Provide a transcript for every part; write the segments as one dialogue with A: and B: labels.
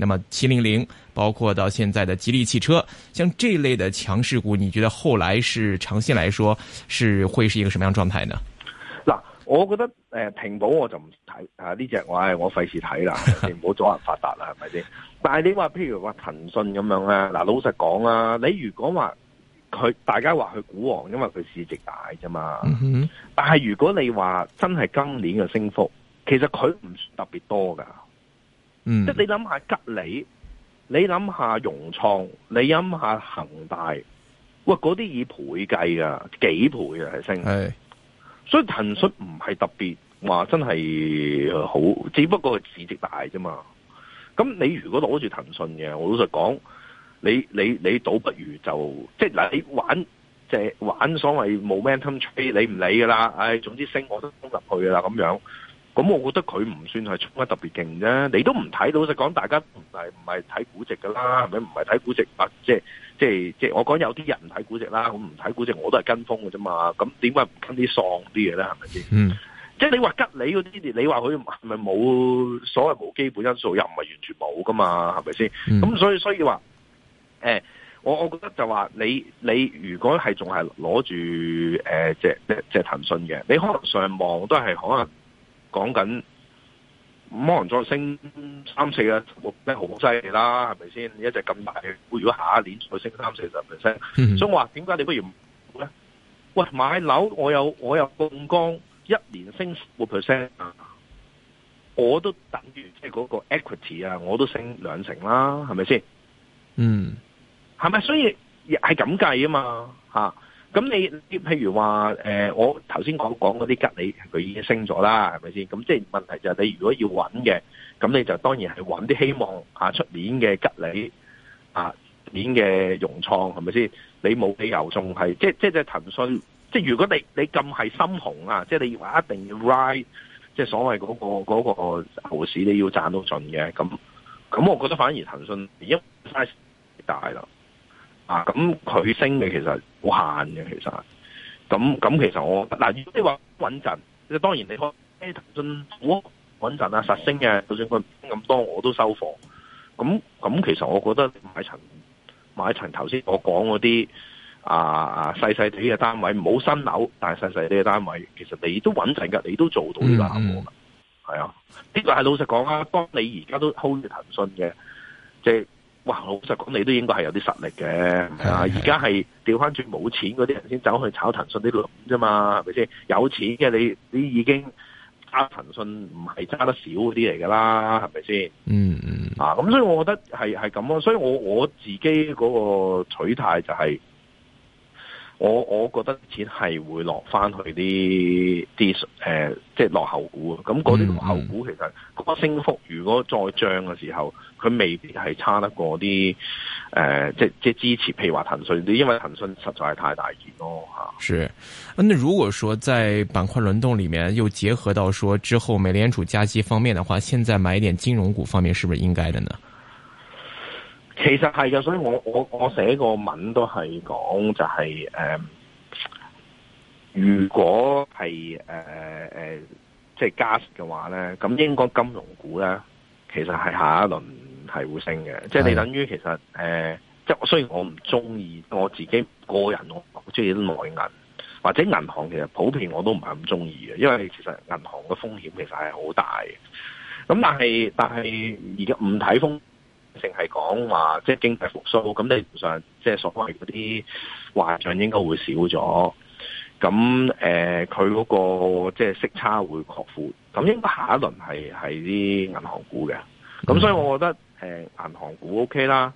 A: 那麼七零零包括到現在的吉利汽車，像這類的強勢股，你覺得後來是長線來說是會是一個什麼樣狀態呢？
B: 嗱，我覺得誒、呃，停保我就唔睇啊，呢隻、哎、我我費事睇啦，你唔好阻人發達啦，係咪先？但係你話譬如話騰訊咁樣啊，嗱，老實講啊，你如果話佢大家話佢股王，因為佢市值大啫嘛、
A: 嗯，
B: 但係如果你話真係今年嘅升幅，其實佢唔特別多噶。嗯、即係你諗下吉利，你諗下融創，你諗下恒大，哇！嗰啲以倍計啊，幾倍啊係升。係，所以騰訊唔係特別話真係好，只不過市值大啫嘛。咁你如果攞住騰訊嘅，我老實講，你你你倒不如就即係嗱，你玩即係玩所謂 momentum trade，你唔理噶啦。唉、哎，總之升我都衝入去噶啦，咁樣。咁我覺得佢唔算係衝得特別勁啫。你都唔睇，到，老實講，大家唔係唔係睇估值㗎啦，係咪？唔係睇估值，或、啊、即係即係即係我講有啲人唔睇估值啦。咁唔睇估值，我都係跟風嘅啫嘛。咁點解唔跟啲喪啲嘢咧？係咪先？即係你話吉利嗰啲，你話佢係咪冇所謂冇基本因素，又唔係完全冇噶嘛？係咪先？咁、嗯嗯、所以所以話，誒、呃，我我覺得就話你你如果係仲係攞住誒，即、呃、隻騰訊嘅，你可能上望都係可能。講緊，可能再升三四啊，冇咩好犀利啦，係咪先？一隻咁大，如果下一年再升三四十 percent，所以我話點解你不如咧？喂，買樓我有我有槓杆，一年升十個 percent 啊，我都等於即係嗰個 equity 啊，我都升兩成啦，係咪先？嗯，係咪？所以係咁計啊嘛，吓。咁你啲譬如話，誒、呃、我頭先講講嗰啲吉利，佢已經升咗啦，係咪先？咁即係問題就係你如果要揾嘅，咁你就當然係揾啲希望啊出年嘅吉利，啊年嘅融創，係咪先？你冇理由仲係即係即係騰訊，即係如果你你咁係心紅啊，即係你話一定要 ride，即係所謂嗰、嗰個嗰、嗰個牛市你要賺到盡嘅，咁咁我覺得反而騰訊已經 size 大啦。啊，咁佢升嘅其實好限嘅，其實，咁咁其實我嗱、啊，如果你話穩陣，即係當然你開、欸、騰訊好穩陣啊，實升嘅，就算佢升咁多我都收貨。咁咁其實我覺得買層買層頭先我講嗰啲啊，啊細細啲嘅單位，唔好新樓，但係細細啲嘅單位，其實你都穩陣㗎，你都做到呢、嗯嗯啊呢個效果㗎，係呀，呢個係老實講呀，當你而家都 hold 住騰訊嘅，即哇老實講，你都應該係有啲實力嘅。而家係調翻轉冇錢嗰啲人先走去炒騰訊啲股啫嘛，係咪先？有錢嘅你，你已經揸騰訊唔係揸得少嗰啲嚟㗎啦，係咪先？嗯嗯。啊，咁所以我覺得係係咁咯。所以我我自己嗰個取態就係、是。我我覺得錢係會落翻去啲啲誒，即係落後股。咁嗰啲落後股其實個升幅，如果再漲嘅時候，佢未必係差得過啲誒、呃，即即支持，譬如話騰訊啲，因為騰訊實在係太大件咯嚇。
A: 是。那如果說在板塊輪動裏面，又結合到說之後美聯儲加息方面的話，現在買點金融股方面，是不是應該的呢？
B: 其實係㗎，所以我我我寫個文都係講就係、是、誒、呃，如果係誒誒，即係加息嘅話咧，咁應該金融股咧，其實係下一輪係會升嘅。即係、就是、你等於其實誒，即、呃、係雖然我唔中意我自己個人，我中意啲內銀或者銀行，其實普遍我都唔係咁中意嘅，因為其實銀行嘅風險其實係好大嘅。咁但係但係而家唔睇風。淨係講話即係經濟復蘇，咁理論上即係所謂嗰啲壞賬應該會少咗。咁誒，佢、呃、嗰個即係息差會擴闊，咁應該下一輪係係啲銀行股嘅。咁所以我覺得誒，銀、呃、行股 O、OK、K 啦。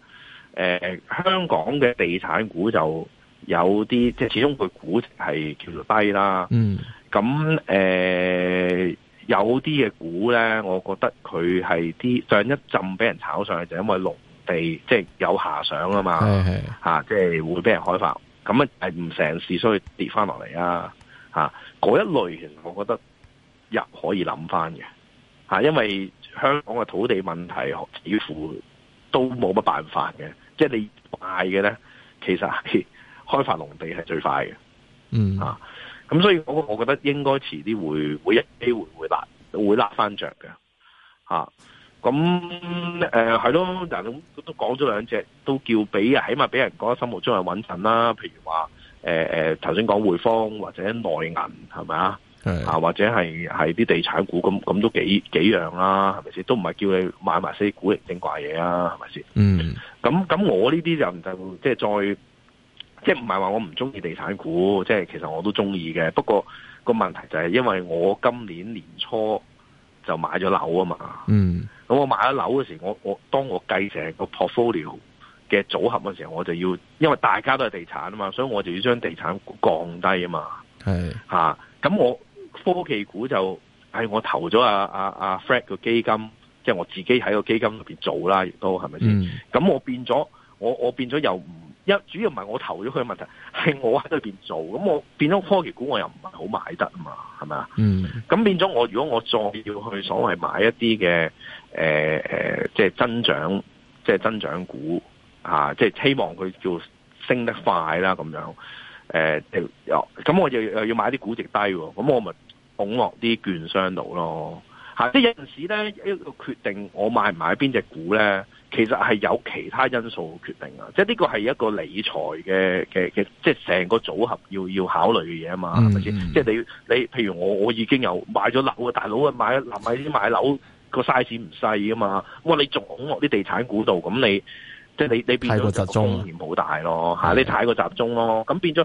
B: 誒、呃，香港嘅地產股就有啲，即係始終佢估值係叫做低啦。嗯。咁誒。呃有啲嘅股咧，我覺得佢係啲上一陣俾人炒上去，就是，因為農地即係，就是，有遐想啊嘛，即係，啊就是，會俾人開發，咁啊係唔成事，所以跌翻落嚟啊嗰一類，其實我覺得入可以諗翻嘅，因為香港嘅土地問題似乎都冇乜辦法嘅，即，就，係，是，你賣嘅咧，其實係開發農地係最快嘅啊。嗯咁、嗯、所以我覺得應該遲啲會會一機會會拉會拉返著嘅，咁誒係咯，嗱、啊嗯呃、都講咗兩隻，都叫畀，啊，起碼俾人覺得心目中係穩陣啦。譬如話頭先講匯豐或者內銀係咪啊？係啊，或者係係啲地產股，咁咁都幾幾樣啦、啊，係咪先？都唔係叫你買埋些古靈精怪嘢啊，係咪先？咁、嗯、咁、嗯、我呢啲人就即係再。即係唔係話我唔中意地產股，即係其實我都中意嘅。不過個問題就係，因為我今年年初就買咗樓啊嘛。嗯。咁我買咗樓嘅時候，我我當我計成個 portfolio 嘅組合嘅時候，我就要因為大家都係地產啊嘛，所以我就要將地產降低啊嘛。係、啊。吓，咁我科技股就，誒、哎，我投咗阿阿阿 Fred 個基金，即係我自己喺個基金入邊做啦，亦都係咪先？咁、嗯、我變咗，我我變咗又。主要唔係我投咗佢嘅問題，係我喺裏邊做，咁我變咗科技股我又唔係好買得啊嘛，係咪啊？咁、嗯、變咗我如果我再要去所謂買一啲嘅誒誒，即係增長，即係增長股啊，即係希望佢叫升得快啦咁樣誒誒，咁、啊啊、我就又要買啲估值低喎，咁我咪拱落啲券商度咯嚇。即係有陣時咧一個決定，我買唔買邊隻股咧？其實係有其他因素決定啊，即係呢個係一個理財嘅嘅嘅，即係成個組合要要考慮嘅嘢啊嘛，係咪先？即係你你，譬如我我已經有買咗樓嘅大佬啊，買買啲買，買樓，買樓個 size 唔細啊嘛，哇！你仲落啲地產股度，咁你即係你你，你變咗個風險好大咯，吓，你太過集中咯，咁變咗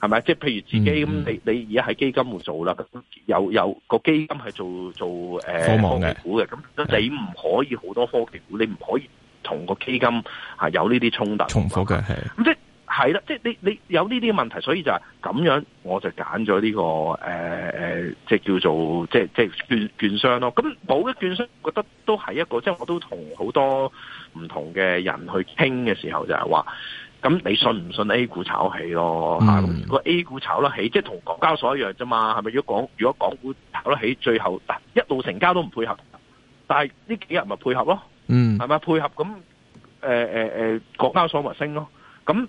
B: 係咪？即係譬如自己咁、嗯，你你而家喺基金會做啦、嗯，有有、那個基金係做做誒、呃、科、科技股嘅，咁你唔可以好多科技股，你唔可以。同個基金、啊、有呢啲衝突，重複嘅係，咁即係啦，即係你你有呢啲問題，所以就係咁樣，我就揀咗呢個、呃、即係叫做即係即係券券商咯。咁保一券商，覺得都係一個，即係我都同好多唔同嘅人去傾嘅時候就係話，咁你信唔信 A 股炒起咯？嚇、嗯，咁個 A 股炒得起，即係同港交所一樣啫嘛，係咪港？如果港股炒得起，最後嗱一路成交都唔配合，但係呢幾日咪配合咯？嗯，係咪配合咁？誒誒誒，國家所物升咯，咁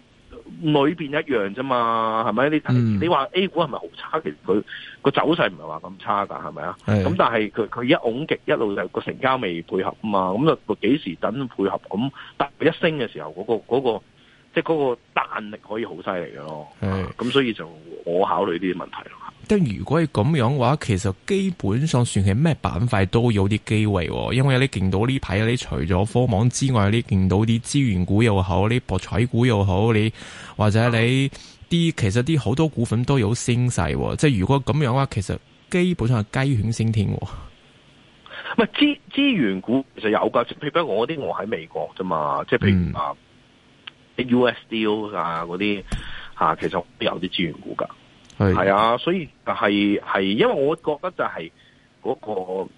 B: 裏邊一樣啫嘛，係咪？你睇，你話 A 股係咪好差？其實佢個走勢唔係話咁差噶係咪啊？咁但係佢佢一拱極一路就個成交未配合嘛，咁就幾時等配合咁？但一升嘅時候，嗰個嗰個即係嗰個彈力可以好犀利嘅咯。咁所以就我考慮呢啲問題咯。
A: 即如果係咁樣嘅話，其實基本上算係咩板塊都有啲機會喎，因為你見到呢排你除咗科網之外，你見到啲資源股又好，你博彩股又好，你或者你啲其實啲好多股份都有升勢喎。即係如果咁樣嘅話，其實基本上係雞犬升天喎。
B: 唔係資資源股其實有噶，譬如我啲我喺美國啫嘛，即係譬如 US 啊 USD 啊嗰啲吓，其實有啲資源股噶。係啊，所以但係係，因為我覺得就係嗰、嗰個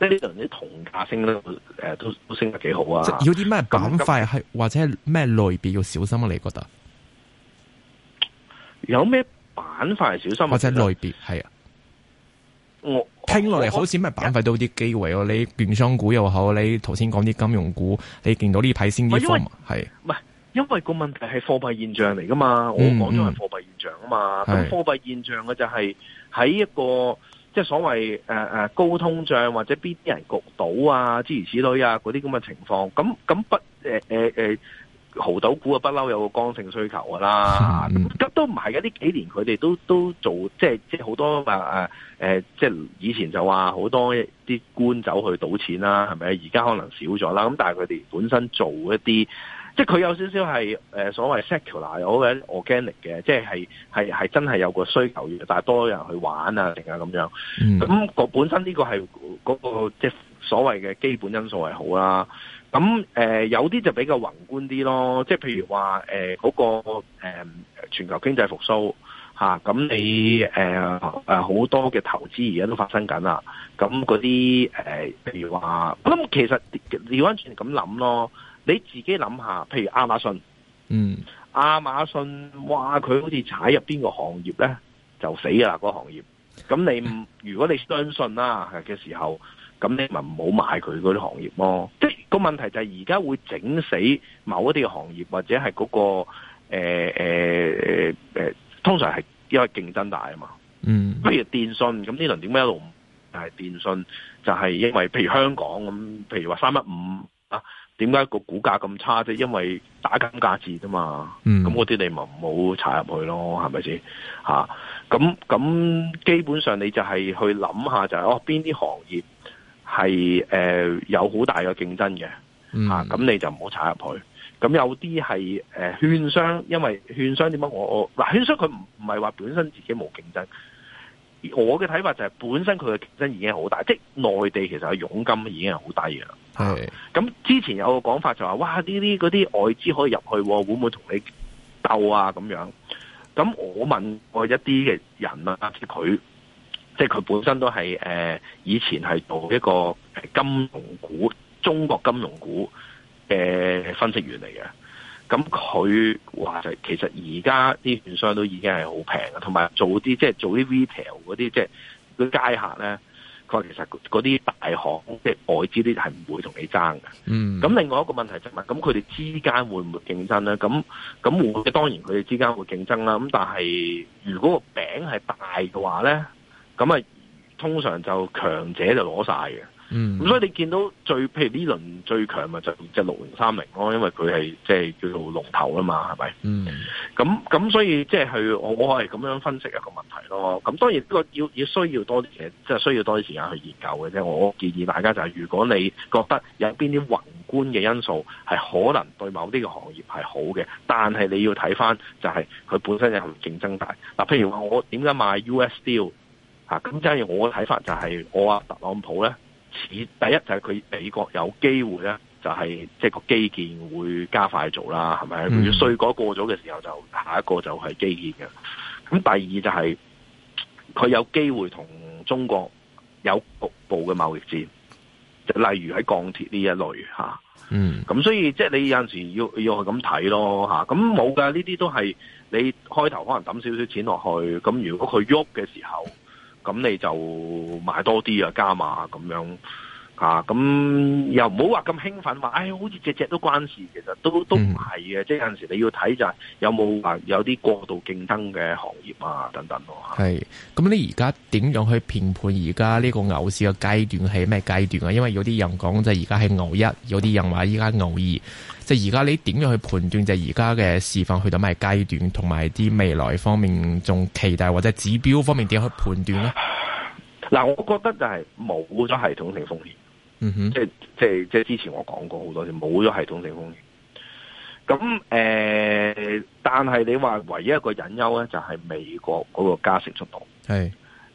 B: 即係呢輪啲同價升咧，誒都都升得幾好啊！即係要啲咩板塊
A: 係或者係咩類別要小心啊？你覺得
B: 有咩板塊係小心、啊、或者
A: 類別係啊？我，我聽落嚟好似咩板塊都有啲機會咯、啊，你券商股又好，你頭先講啲金融股，你見到呢批先啲貨係。
B: 因為個問題係貨幣現象嚟噶嘛，我講咗係貨幣現象啊嘛。咁、嗯嗯、貨幣現象嘅就係喺一個是即係所謂誒誒、呃、高通脹或者邊啲人焗賭啊，諸如此類啊，嗰啲咁嘅情況。咁咁不誒誒誒濠賭股啊，不嬲有個剛性需求噶啦。咁、嗯、都唔係嘅，呢幾年佢哋都都做即係即係好多啊啊誒，即係、呃、以前就話好多啲官走去賭錢啦、啊，係咪？而家可能少咗啦。咁但係佢哋本身做一啲。即係佢有少少係所謂 secular 嘅 or organic 嘅，即係係係係真係有個需求，但係多人去玩啊，定啊咁樣。咁個本身呢個係嗰、嗰個即係所謂嘅基本因素係好啦。咁誒、呃、有啲就比較宏觀啲咯，即係譬如話誒嗰個、呃、全球經濟復甦嚇，咁、啊、你誒好、呃、多嘅投資而家都發生緊啦。咁嗰啲誒譬如話，咁其實調安全咁諗咯。你自己諗下，譬如亞馬遜，嗯，亞馬遜話佢好似踩入邊個行業咧，就死啦、個行業。咁你如果你相信啦嘅時候，咁你咪唔好買佢嗰啲行業咯。即係個問題就係而家會整死某一啲嘅行業，或者係嗰個誒誒誒誒，通常係因為競爭大啊嘛。嗯，譬如電信咁呢輪點解一路唔？誒電信就係因為譬如香港咁，譬如話三一五啊。點解個股價咁差啫？因為打緊價戰啊嘛，咁嗰啲你咪唔好踩入去咯，係咪先？吓，咁咁基本上你就係去諗下就係、是、哦，邊啲行業係誒、呃、有好大嘅競爭嘅，
A: 吓、嗯、咁、啊、
B: 你就唔好踩入去。咁有啲係誒券商，因為券商點解我我，嗱券商佢唔唔係話本身自己冇競爭。我嘅睇法就係本身佢嘅競爭已經好大，即係內地其實嘅佣金已經係好低嘅啦。咁、okay. 之前有個講法就話、係，哇！呢啲嗰啲外資可以入去，會唔會同你鬥啊？咁樣，咁我問過一啲嘅人啦，即係佢，即係佢本身都係誒、呃、以前係做一個金融股、中國金融股嘅分析員嚟嘅。咁佢話就其實而家啲券商都已經係好平嘅，同埋做啲即係做啲 retail 嗰啲即係嗰啲街客咧，佢話其實嗰啲大行即係、就是、外資啲係唔會同你爭嘅。咁、嗯、另外一個問題就係、是：咁佢哋之間會唔會競爭咧？咁咁會當然佢哋之間會競爭啦。咁但係如果個餅係大嘅話咧，咁啊通常就強者就攞晒嘅。嗯，咁所以你見到最，譬如呢輪最強咪就即係六連三零咯，因為佢係即係叫做龍頭啊嘛，係咪？嗯。咁咁所以即係、就是、我我係咁樣分析一個問題咯。咁當然呢個要要需要多啲嘅，即、就、係、是、需要多啲時間去研究嘅啫。我建議大家就係如果你覺得有邊啲宏觀嘅因素係可能對某啲嘅行業係好嘅，但係你要睇翻就係佢本身有冇競爭大。嗱，譬如話我點解買 U.S. d t 咁即係我嘅睇法就係我話特朗普咧。第一就係佢美國有機會咧，就係即係個基建會加快做啦，係咪？稅、嗯、改過咗嘅時候，就下一個就係基建嘅。咁第二就係佢有機會同中國有局部嘅貿易戰，例如喺鋼鐵呢一類嚇。嗯。咁所以即係你有陣時要要去咁睇咯嚇。咁冇㗎，呢啲都係你開頭可能抌少少錢落去。咁如果佢喐嘅時候。咁你就買多啲啊，加碼咁樣。啊，咁又唔好話咁興奮，話哎，好似隻隻都關事，其實都都唔係嘅，即係有陣時你要睇就係有冇話有啲過度競爭嘅行業啊，等等咯、啊、
A: 係，咁你而家點樣去評判而家呢個牛市嘅階段係咩階段啊？因為有啲人講就係而家係牛一，有啲人話依家牛二，即係而家你點樣去判斷就係而家嘅市況去到咩階段，同埋啲未來方面仲期待或者指標方面點樣去判斷咧？
B: 嗱、啊，我覺得就係冇咗系統性風險。嗯哼，即係即係即係之前我講過好多次，冇咗系統性風險。咁誒、呃，但係你話唯一一個隱憂咧，就係、是、美國嗰個加息速度係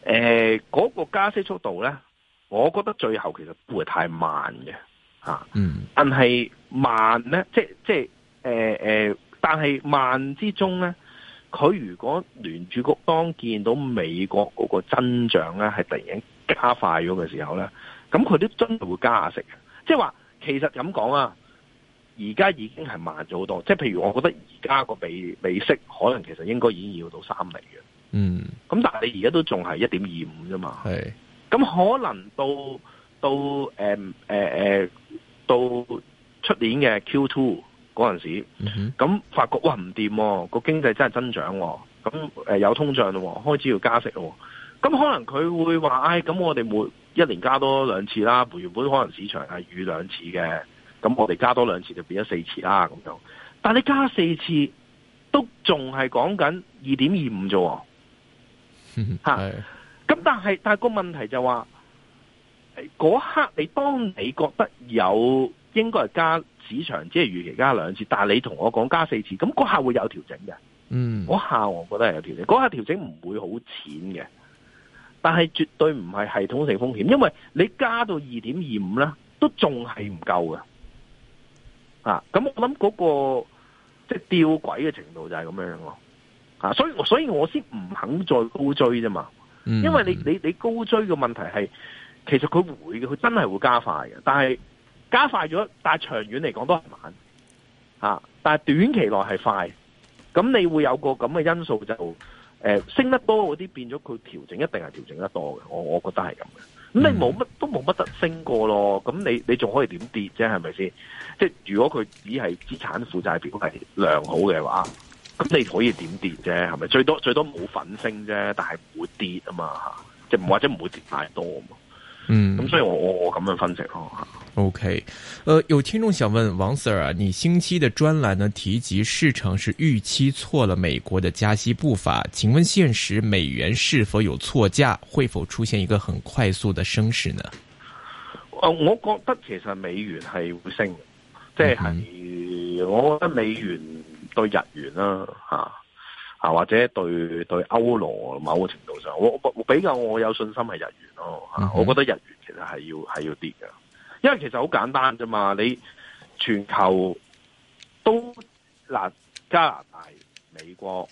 B: 誒嗰個加息速度咧，我覺得最後其實會太慢嘅，吓、啊。嗯，但係慢咧，即係即係誒誒，但係慢之中咧，佢如果聯儲局當見到美國嗰個增長咧，係突然間加快咗嘅時候咧。咁佢都真係會加息，即係話其實咁講啊，而家已經係慢咗好多。即係譬如，我覺得而家個美美息可能其實應該已經要到三厘嘅。嗯，咁但係你而家都仲係一點二五啫嘛。係，咁可能到到誒誒誒，到出、呃呃、年嘅 Q two 嗰陣時，咁發覺哇唔掂，個、啊、經濟真係增長、啊，咁誒、呃、有通脹咯、啊，開始要加息咯、啊，咁可能佢會話，唉、哎，咁我哋冇。一年加多兩次啦，原本可能市場係預兩次嘅，咁我哋加多兩次就變咗四次啦咁樣。但你加四次都仲係講緊二點二五啫，嚇、 啊！咁但係但係個問題就話，嗰刻你當你覺得有應該係加市場，即係預期加兩次，但你同我講加四次，咁嗰下會有調整嘅。嗯，嗰下我覺得係有調整，嗰下調整唔會好淺嘅。但係絕對唔係系統性風險，因為你加到二點二五咧，都仲係唔夠嘅。啊，咁我諗嗰、那個即係、就是、吊詭嘅程度就係咁樣咯。啊，所以所以我先唔肯再高追啫嘛。嗯，因為你你你高追嘅問題係，其實佢會嘅，佢真係會加快嘅。但係加快咗，但係長遠嚟講都係慢。啊，但係短期內係快，咁你會有個咁嘅因素就。誒升得多嗰啲變咗，佢調整一定係調整得多嘅。我我覺得係咁嘅。咁你冇乜都冇乜得升過咯。咁你你仲可以點跌？啫？係咪先？即係如果佢只係資產負債表係良好嘅話，咁你可以點跌啫？係咪最多最多冇粉升啫，但係唔會跌啊嘛，即係或者唔會跌太多啊
A: 嘛。嗯，咁所
B: 以我我我咁樣分析
A: 咯吓。OK，呃有聽眾想問王 Sir 啊，你星期的專欄呢提及市場是預期錯了美國的加息步伐，請問現實美元是否有錯價，會否出現一個很快速的升勢呢，
B: 呃？我覺得其實美元係會升的，即、嗯、係、就是、我覺得美元對日元啦、啊、吓。啊啊，或者對對歐羅某個程度上，我，我比較我有信心係日元咯、嗯，我覺得日元其實係要係要跌嘅，因為其實好簡單啫嘛，你全球都嗱加拿大、美國、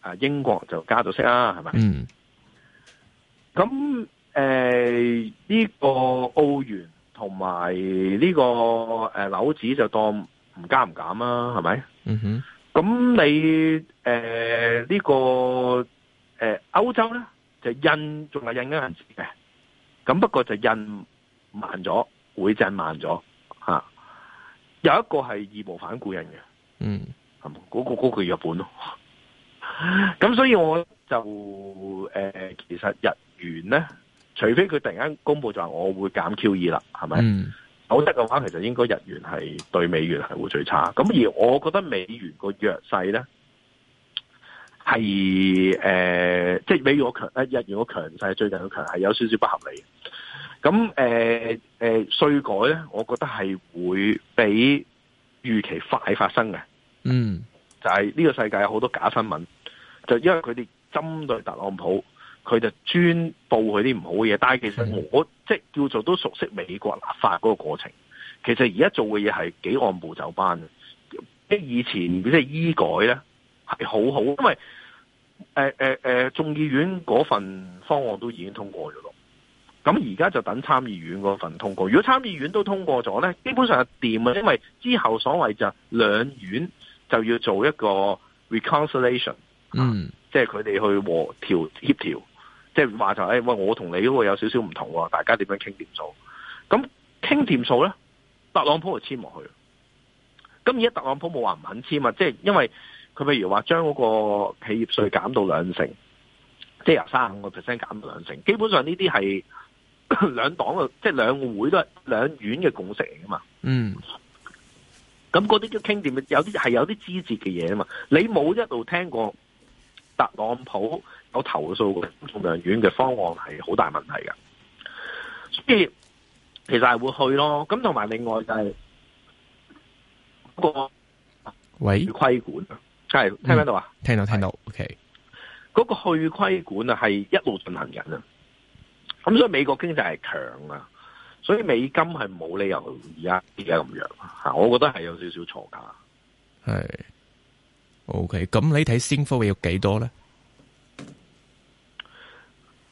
B: 啊、英國就加咗息啦，係咪？嗯。咁誒呢個澳元同埋呢個誒紐紙就當唔加唔減啦、啊，係咪？嗯哼。咁你誒、呃這個呃、呢個誒歐洲咧就印仲係印緊銀紙嘅，咁不過就印慢咗，會震慢咗吓、啊。有一個係義無反顧印嘅，嗯，係嗰、嗰個句、嗰個、日本咯。咁 所以我就誒、呃，其實日元咧，除非佢突然間公布就話我會減 QE 啦，係咪？嗯否則嘅話，其實應該日元係對美元係會最差。咁而我覺得美元個弱勢咧，係誒、呃，即係美元我強誒，日元我強勢最近嘅強係有少少不合理的。咁誒誒，稅改咧，我覺得係會比預期快發生嘅。嗯、mm.，就係呢個世界有好多假新聞，就因為佢哋針對特朗普。佢就專報佢啲唔好嘅嘢，但係其實我即係叫做都熟悉美國立法嗰個過程。其實而家做嘅嘢係幾按部就班嘅。即以前，即係醫改咧，係好好，因為、呃呃呃、眾議院嗰份方案都已經通過咗咯。咁而家就等參議院嗰份通過。如果參議院都通過咗咧，基本上係掂啊，因為之後所謂就是、兩院就要做一個 reconciliation，嗯，即係佢哋去和調協調。即係話就誒，喂，我同你嗰個有少少唔同，大家點樣傾掂數？咁傾掂數咧，特朗普就簽落去。咁而家特朗普冇話唔肯簽啊，即係因為佢譬如話將嗰個企業稅減到兩成，即係由三五個 percent 減到兩成，基本上呢啲係兩黨嘅，即係兩會都係兩院嘅共識嚟噶嘛。嗯。咁嗰啲都傾掂，有啲係有啲枝節嘅嘢啊嘛。你冇一度聽過特朗普。有投訴嘅，重陽院嘅方案係好大問題嘅，所以其實係會去咯。咁同埋另外就係嗰個喂規管，係聽唔聽到啊？
A: 聽到、嗯、聽到，聽到，OK。
B: 嗰個去規管啊，係一路進行緊啊。咁所以美國經濟係強啊，所以美金係冇理由而家而家咁弱吓，我覺得係有一點錯的是 okay, 少少錯價。
A: 係 OK，咁你睇升幅有幾多咧？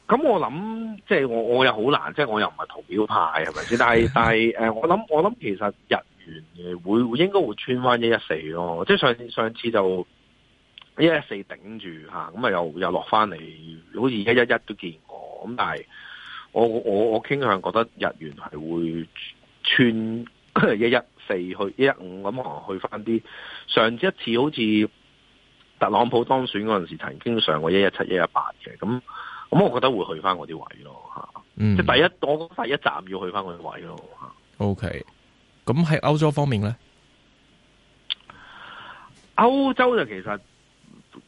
B: 咁我諗，即、就、係、是、我我、就是、我又好難，即係我又唔係圖表派係咪先？但係但係誒，我諗我諗其實日元嘅會應該會穿翻一一四咯，即係上次上次就一一四頂住吓，咁啊又又落翻嚟，好似一一一都見過，咁但係我我我傾向覺得日元係會穿一一四去一一五，咁可能去翻啲上次一次好似特朗普當選嗰陣時曾經上過一一七、一一八嘅咁。咁我覺得會去返我啲位咯吓、嗯，
A: 即係
B: 第一我第一站要去返我啲位咯。
A: O K，咁喺歐洲方面咧，
B: 歐洲就其實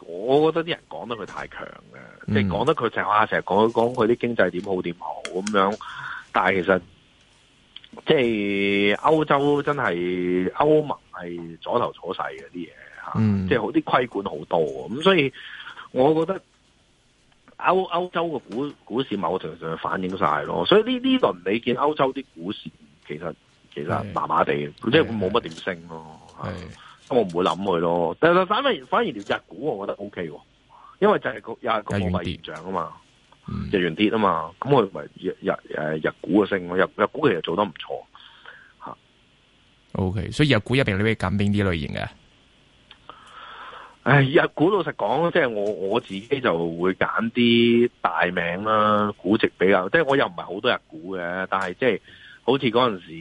B: 我覺得啲人講得佢太強嘅、嗯，即係講得佢成日成日講講佢啲經濟點好點好咁樣，但係其實即係歐洲真係歐盟係阻頭阻勢嗰啲嘢吓，即係好啲規管好多，咁所以我覺得。歐歐洲嘅股股市某程度上反映晒咯，所以呢呢輪你見歐洲啲股市其實其實麻麻地，即係冇乜點升咯。係咁我唔會諗佢咯。但係反而反而日股我覺得 OK 喎，因為就係個又係個外圍現象啊嘛，日元跌啊嘛，咁我咪日日誒日股嘅升，日日股其實做得唔錯
A: 吓。OK，所以日股入邊你可以揀邊啲類型嘅？
B: 唉、哎，日股老實講，即係我我自己就會揀啲大名啦，估值比較，即係我又唔係好多日股嘅，但係即係好似嗰陣時，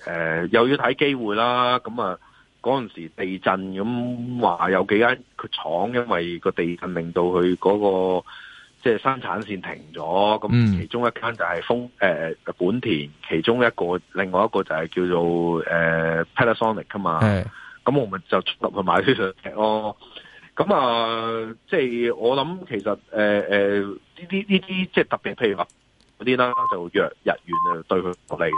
B: 誒、呃、又要睇機會啦，咁啊嗰陣時地震咁話、嗯、有幾間佢廠因為個地震令到佢嗰、那個即係生產線停咗，咁其中一間就係豐誒本田，其中一個另外一個就係叫做誒 Panasonic 噶嘛，咁、嗯、我咪就出入去買啲嘢咯。咁啊，即、就、係、是、我諗，其實誒誒，呢啲呢啲，即係特別譬如話嗰啲啦，就弱日元啊，對佢不利咯。